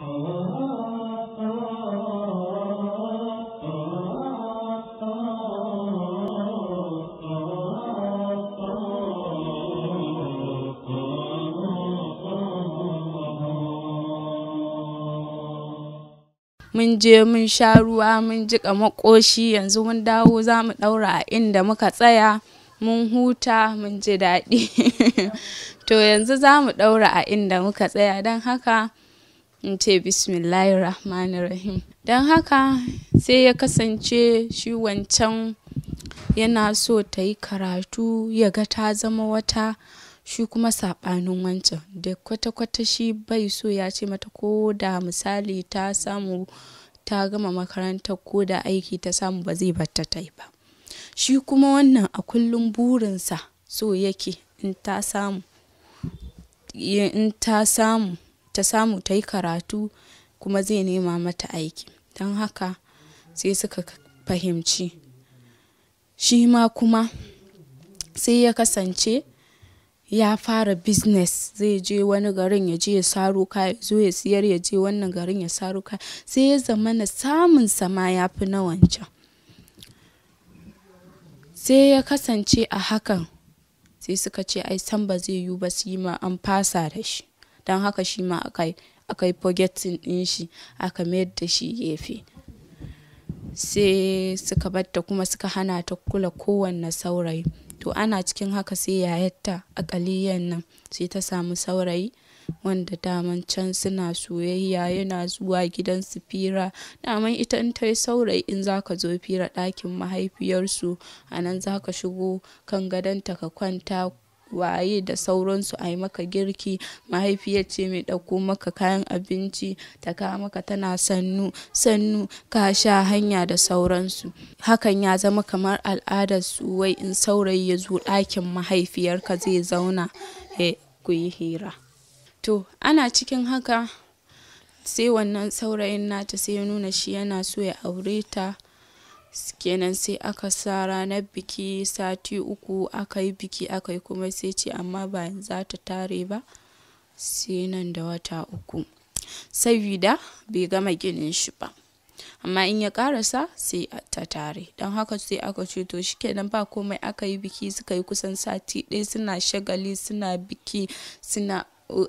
mun je mun sha ruwa mun jiƙa makoshi yanzu mun dawo za mu ɗaura a inda muka tsaya mun huta mun ji daɗi to yanzu za mu ɗaura a inda muka tsaya don haka in ce bismillahir rahim don haka sai ya kasance shi wancan yana so ta yi karatu ya ga ta zama wata shi kuma saɓanin wancan da kwata-kwata shi bai so ya ce mata ko da misali ta samu ta gama makaranta ko da aiki ta samu ba zai bata ta yi ba shi kuma wannan a kullum burinsa so yake in in ta samu ta samu ta yi karatu kuma zai nema mata aiki don haka sai suka fahimci shi ma kuma sai ya kasance ya fara business zai je wani garin ya je ya saro kaya zo ya siyar ya je wannan garin ya saro kaya sai ya zama na samun sama ya fi na wancan sai ya kasance a hakan sai suka ce ai san ba zai yi ba su yi ma an fasa da shi don haka shi ma aka yi forgetting din shi aka mayar da shi gefe sai suka batta kuma suka hana ta kula kowanne saurayi to ana cikin haka sai a akaliyan nan sai ta samu saurayi wanda daman can suna soyayya yana zuwa gidan su fira daman ita in ta yi saurayi in za ka zo fira ɗakin mahaifiyarsu a nan za ka shigo kan gadonta ka kwanta waye da sauransu a yi maka girki mahaifiyar ce mai ɗauko maka kayan abinci ta kawo maka tana sannu sannu ka sha hanya da sauransu hakan ya zama kamar al'adar su wai in saurayi ya zo ɗakin mahaifiyarka zai zauna ku yi hira to ana cikin haka sai wannan saurayin nata sai ya nuna shi yana so ya aure ta kenan sai aka sa ranar biki sati uku aka yi biki aka yi kuma sai ce amma ba za ta tare ba sai nan da wata uku sabida bai gama ginin shi ba amma in ya karasa sai ta tare don haka sai aka ce to shi kenan ba komai aka yi biki suka yi kusan sati ɗaya suna shagali suna biki suna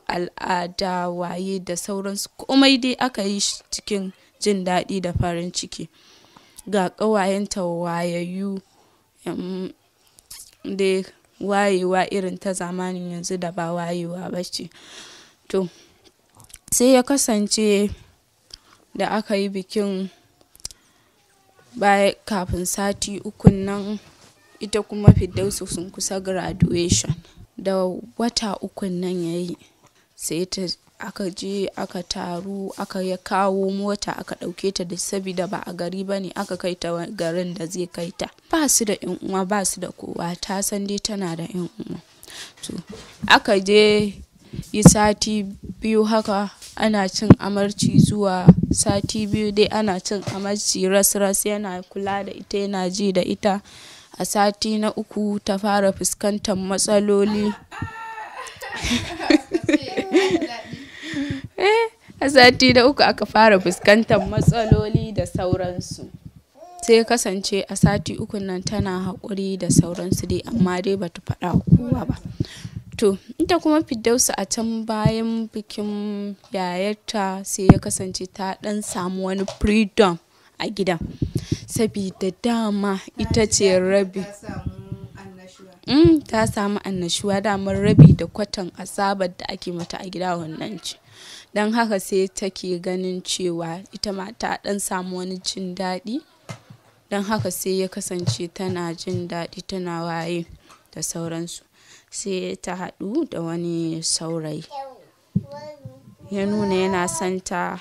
al'ada waye da sauransu komai dai aka yi cikin jin daɗi da farin ciki ga ƙawayenta tawayayu da wayewa irin ta zamanin yanzu da ba wayewa ba ce to sai ya kasance da aka yi bikin baya kafin sati ukun nan ita kuma fiddausu sun kusa graduation da wata ukun nan ya yi sai ta aka je aka taru aka ya kawo mota aka ɗauke ta da sabida ba a gari ba ne aka kai ta garin da zai kai ta ba su da yan uwa ba su da kowa ta san dai tana da yan uwa to aka je yi sati biyu haka ana cin amarci zuwa sati biyu dai ana cin amarci ras-ras yana kula da ita yana ji da ita a sati na uku ta fara fuskantar matsaloli eh a sati na uku aka fara fuskantar matsaloli da sauransu sai kasance a sati ukun nan tana haƙuri da sauransu dai amma dai bata faɗa kowa ba to ita kuma fidausa a can bayan bikin yayarta sai ya kasance ta ɗan samu wani freedom a gidan sabida dama ita ce rabi ta samu annashuwa mm, damar rabi da kwatan asabar da ake mata a gida wannan ce don haka sai take ganin cewa ita ma ta ɗan samu wani jin daɗi don haka sai ya kasance tana jin daɗi tana waye da sauransu sai ta haɗu da wani saurayi ya nuna yana santa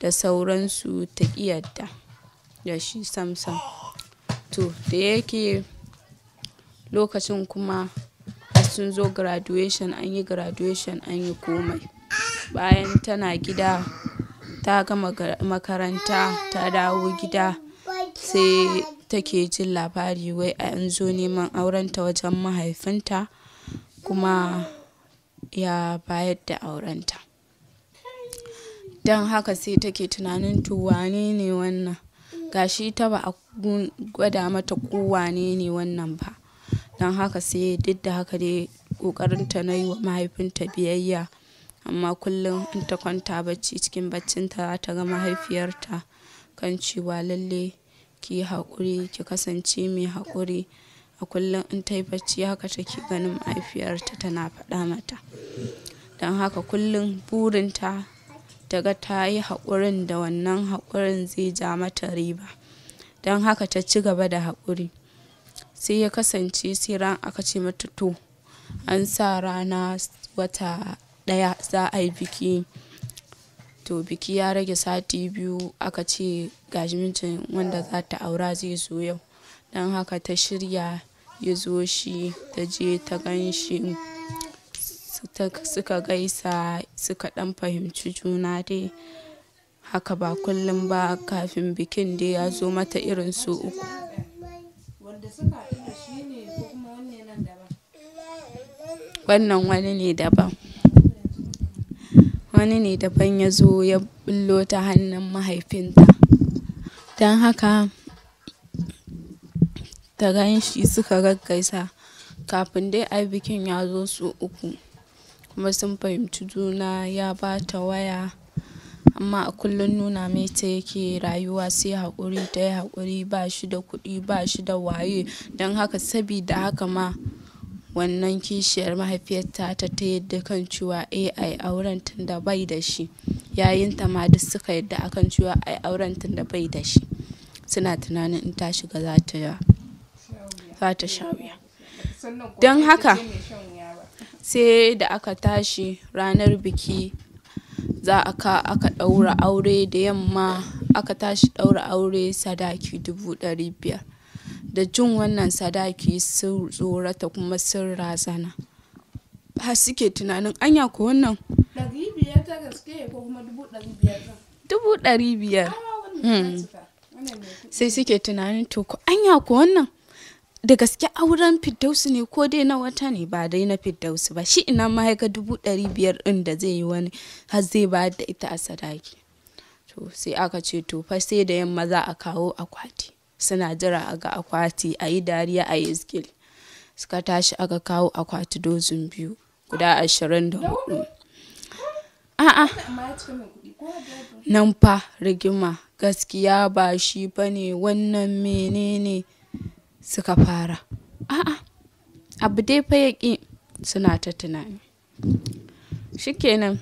da sauransu ta ƙiyarda da shi samsam to da yake lokacin kuma sun zo graduation an yi graduation an yi komai bayan tana gida ta gama makaranta ta dawo gida sai take jin labari wai an zo neman aurenta wajen mahaifinta kuma ya bayar da aurenta don haka sai take tunanin to wane ne wannan gashi ta ba a gwada mata ko wane ne wannan ba don haka sai duk da haka dai ƙoƙarinta na yi wa mahaifinta biyayya amma kullum in ta kwanta bacci cikin baccinta ta ga mahaifiyarta kan cewa lalle ki haƙuri ki kasance mai haƙuri a kullum in ta yi bacci haka ta take ganin mahaifiyarta tana faɗa mata don haka kullum burinta ta ga ta yi haƙurin da wannan haƙurin zai ja mata riba don haka ta ci gaba da haƙuri sai ya kasance sai ran aka ce mata to an sa rana wata ɗaya za a yi biki to biki ya rage sati biyu aka ce gashi wanda za ta aura zai zo yau don haka ta shirya ya zo shi ta je ta gan shi suka gaisa suka ɗan fahimci juna dai haka ba kullum ba kafin bikin dai ya zo mata irin su uku wannan wani ne daban wani ne daban ya zo ya ɓullo ta hannun mahaifinta don haka ta gan shi suka gaggaisa kafin dai a bikin ya zo su uku kuma sun fahimci juna ya ba ta waya amma a kullum nuna mai ta yake rayuwa sai haƙuri ta yi haƙuri ba shi da kuɗi ba shi da waye don haka sabida haka ma wannan kishiyar mahaifiyarta ta ta yadda kan cewa ai auren da bai da shi yayin ta ma duk suka yadda akan cewa ai auren da bai da shi suna tunanin in ta shiga za ta za ta sha don haka sai da aka tashi ranar biki za a ka aka ɗaura aure da yamma aka tashi ɗaura aure sadaki dubu ɗari biyar da jin wannan sadaki sun tsorata kuma sun razana Ha suke tunanin anya ko wannan dubu ɗari biyar hmm. sai suke tunanin to ko anya ko wannan da gaske auren fiddausu ne ko dai na wata ne ba dai na fiddausu ba shi ina mahaika dubu ɗari biyar ɗin da zai yi wani har zai ba da ita a sadaki to sai aka ce to fa sai da yamma za a kawo akwati suna jira a ga akwati a yi dariya a yizgil suka tashi aka kawo akwati dozin biyu guda ashirin da hudu a'a nan fa rigima gaskiya ba shi ba ne wannan menene suka fara a'a abu dai fa suna ta tunani shikenan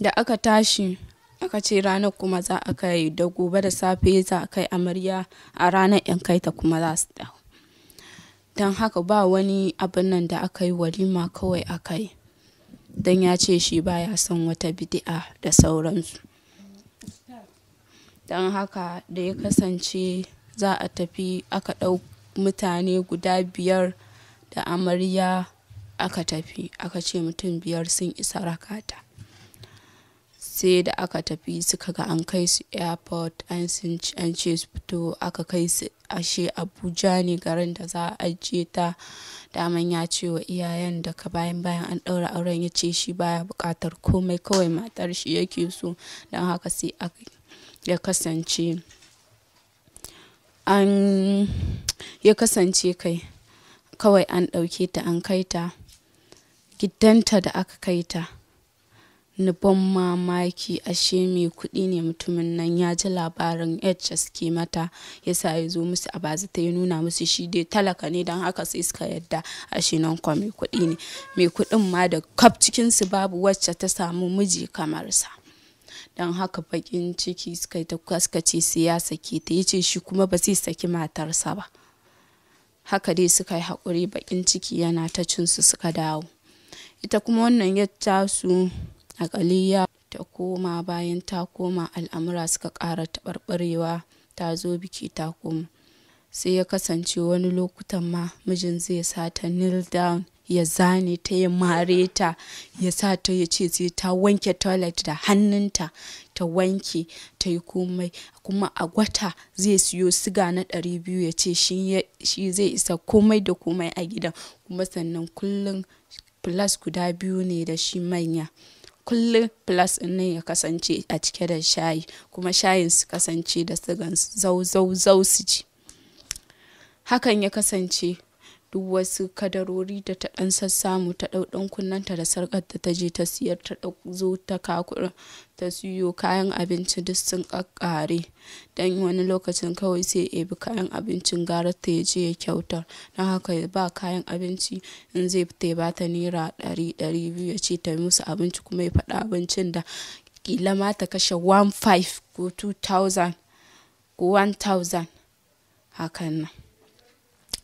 da aka tashi aka ce ranar kuma za a kai da gobe da safe za a kai amarya a ranar yan kai ta kuma za su dawo don haka ba wani abin nan da aka yi walima kawai aka yi don ya ce shi ba ya son wata bidi'a da sauransu don haka da ya kasance za a tafi aka ɗau mutane guda biyar da amarya aka tafi aka ce mutum biyar sun isa rakata sai da aka tafi suka ga an kai su airport an ce su fito aka kai su ashe abuja ne garin da za a ajiye ta daman ya ce wa iyayen daga bayan bayan an ɗaura auren ya ce shi baya buƙatar komai kawai matar shi yake so don haka sai ya kasance an ya kasance kai kawai an ɗauke ta an kai ta gidanta da aka kai ta Ni ban mamaki ashe mai kuɗi ne mutumin nan ya ji labarin hs suke mata ya sa ya zo musu a baza ta ya nuna musu shi dai talaka ne don haka sai suka yadda ashe nan kwa mai kuɗi ne mai kuɗin ma da kaf cikinsu babu wacce ta samu miji kamar sa don haka bakin ciki suka ta ce sai ya sake ta ya ce shi kuma ba zai saki matarsa ba haka dai suka yi haƙuri bakin ciki yana ta cinsu suka dawo ita kuma wannan yadda su ya ta koma bayan ta koma al'amura suka ƙara taɓarɓarewa ta zo biki ta koma. Sai ya kasance wani lokutan ma mijin zai sa ta kneel down ya zane ta ya mare ta ya sa ta ya ce sai ta wanke toilet da hannunta ta wanke ta yi komai kuma a gwata zai siyo siga na ɗari biyu ya ce shi zai isa komai da komai a gidan kuma sannan kullum plus guda biyu ne da shi manya kullum plus nan ya kasance a cike da shayi kuma shayin su kasance da sigan zau zau zau su ji hakan ya kasance duk wasu kadarori da ta dan sassamu ta dau ɗan ta da sarƙar da ta je ta siyar ta zo ta kakura ta siyo kayan abinci duk sun ƙaƙƙare don wani lokacin kawai sai ya bi kayan abincin gara ta ya je ya kyautar na haka ba kayan abinci in zai fita ba ta naira dari dari biyu ya ce ta musu abinci kuma ya faɗa abincin da kila ma ta kashe 1,500 ko 2,000 ko 1,000 hakan nan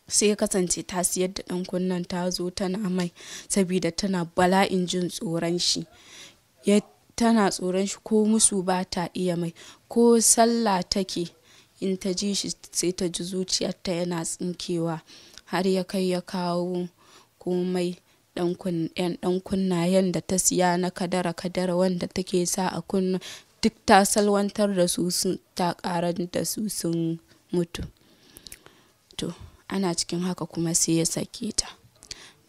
sai ya kasance ta siyar da ɗan kunnen ta zo tana mai saboda tana bala'in jin tsoron shi ya tana tsoron shi ko musu ba ta iya mai ko sallah take in ta ji shi sai ta ji zuciyarta yana tsinkewa har ya kai ya kawo komai yan dan kunnayen da ta siya na kadara kadara wanda take sa a kunna duk ta salwantar da su ta karar da su sun mutu ana cikin haka kuma sai ya sake ta da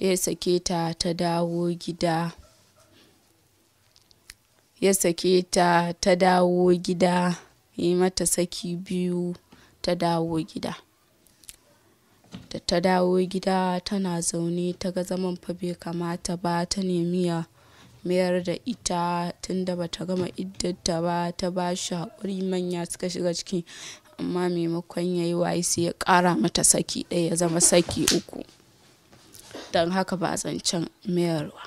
ya sake ta ta dawo gida ya sake ta ta dawo gida yi mata saki biyu ta dawo gida da ta dawo gida tana zaune ta ga zaman fa bai kamata ba ta nemi ya mayar da ita tunda bata gama iddata ba ta ba shi haƙuri manya suka shiga ciki amma maimakon ya yi waye sai ya ƙara mata saki ɗaya ya zama saki uku don haka ba zancen mayarwa.